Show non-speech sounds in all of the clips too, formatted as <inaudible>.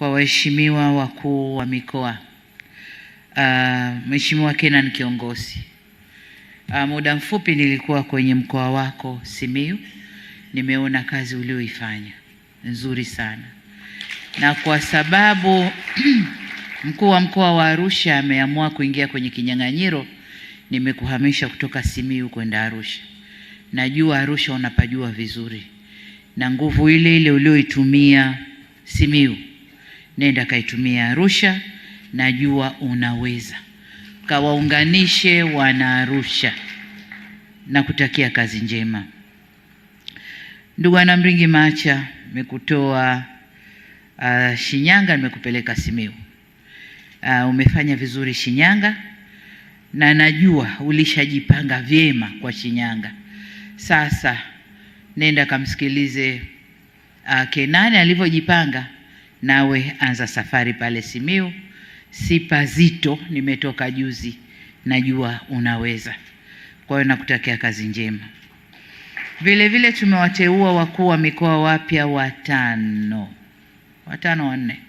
kwa waheshimiwa wakuu wa mikoa, uh, Mheshimiwa Kenan kiongozi, uh, muda mfupi nilikuwa kwenye mkoa wako Simiyu, nimeona kazi ulioifanya nzuri sana, na kwa sababu <clears throat> mkuu wa mkoa wa Arusha ameamua kuingia kwenye kinyang'anyiro, nimekuhamisha kutoka Simiyu kwenda Arusha. Najua Arusha unapajua vizuri, na nguvu ile ile ulioitumia Simiyu nenda kaitumia Arusha, najua unaweza. Kawaunganishe wana Arusha na kutakia kazi njema. Ndugu ana Mringi Macha, nimekutoa uh, Shinyanga, nimekupeleka Simiyu. Uh, umefanya vizuri Shinyanga na najua ulishajipanga vyema kwa Shinyanga. Sasa nenda kamsikilize uh, Kenani alivyojipanga nawe anza safari pale Simiu. Si pazito, nimetoka juzi, najua unaweza. Kwa hiyo nakutakia kazi njema. Vile vile tumewateua wakuu wa mikoa wapya watano, watano wanne,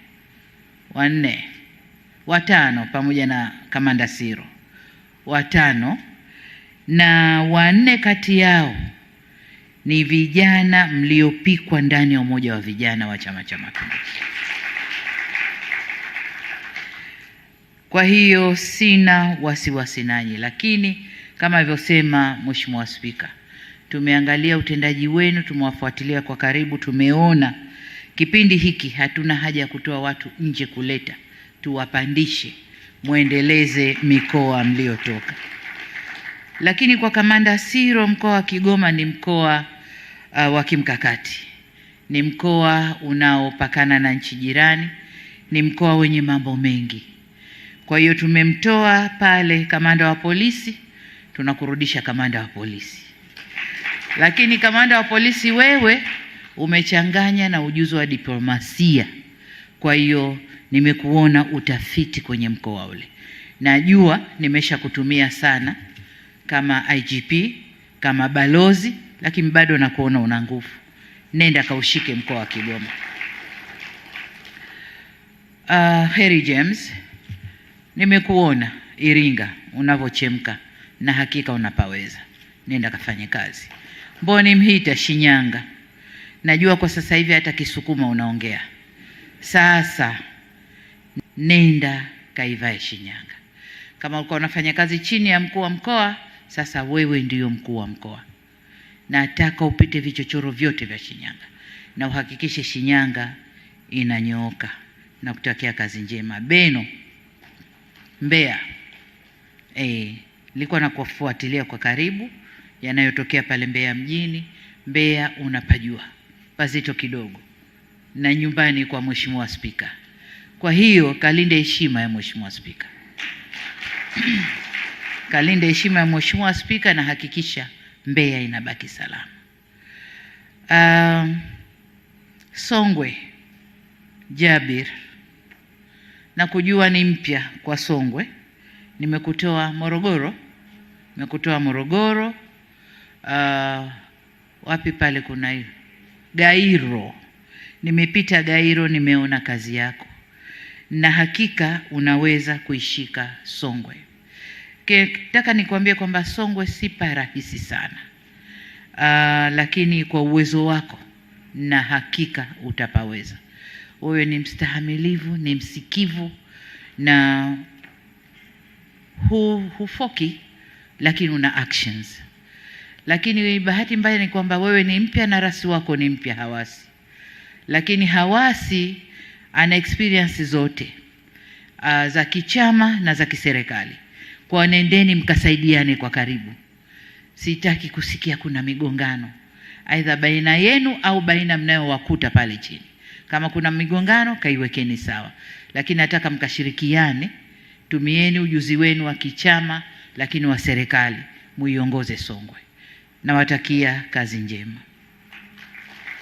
wanne watano, pamoja na kamanda Siro, watano na wanne kati yao ni vijana mliopikwa ndani ya umoja wa vijana wa Chama cha Mapinduzi. Kwa hiyo sina wasiwasi nanyi, lakini kama alivyosema Mheshimiwa Spika, tumeangalia utendaji wenu, tumewafuatilia kwa karibu, tumeona kipindi hiki hatuna haja ya kutoa watu nje kuleta, tuwapandishe mwendeleze mikoa mliotoka. Lakini kwa Kamanda Siro, mkoa wa Kigoma ni mkoa uh, wa kimkakati, ni mkoa unaopakana na nchi jirani, ni mkoa wenye mambo mengi kwa hiyo tumemtoa pale kamanda wa polisi, tunakurudisha kamanda wa polisi. Lakini kamanda wa polisi wewe umechanganya na ujuzi wa diplomasia, kwa hiyo nimekuona utafiti kwenye mkoa ule. Najua nimeshakutumia sana kama IGP, kama balozi, lakini bado nakuona una nguvu. Nenda kaushike mkoa wa Kigoma. Uh, ah, Harry James nimekuona Iringa unavochemka na hakika unapaweza, nenda kafanye kazi. Mboni Mhita Shinyanga, najua kwa sasa hivi hata Kisukuma unaongea sasa, nenda kaivae Shinyanga. Kama ulikuwa unafanya kazi chini ya mkuu wa mkoa, sasa wewe ndiyo mkuu wa mkoa. Nataka upite vichochoro vyote vya Shinyanga na uhakikishe Shinyanga inanyooka, na kutakia kazi njema Beno. Mbeya e, nilikuwa e, na kufuatilia kwa karibu yanayotokea pale Mbeya mjini. Mbeya unapajua pazito kidogo na nyumbani kwa Mheshimiwa Spika. Kwa hiyo kalinde heshima ya Mheshimiwa Spika <clears throat> kalinde heshima ya Mheshimiwa Spika na hakikisha Mbeya inabaki salama. Um, Songwe Jabir na kujua ni mpya kwa Songwe. Nimekutoa Morogoro, nimekutoa Morogoro, uh, wapi pale kuna hiyo Gairo, nimepita Gairo, nimeona kazi yako na hakika unaweza kuishika Songwe. Nataka nikuambie kwamba Songwe si pa rahisi sana uh, lakini kwa uwezo wako na hakika utapaweza. Huyo ni mstahamilivu, ni msikivu na hu, hufoki lakini una actions. Lakini bahati mbaya ni kwamba wewe ni mpya na rasi wako ni mpya Hawasi, lakini Hawasi ana experience zote uh, za kichama na za kiserikali. Kwa nendeni mkasaidiane kwa karibu. Sitaki kusikia kuna migongano aidha baina yenu au baina mnayowakuta pale chini. Kama kuna migongano, kaiwekeni sawa, lakini nataka mkashirikiane, tumieni ujuzi wenu wa kichama, lakini wa serikali muiongoze Songwe. Nawatakia kazi njema.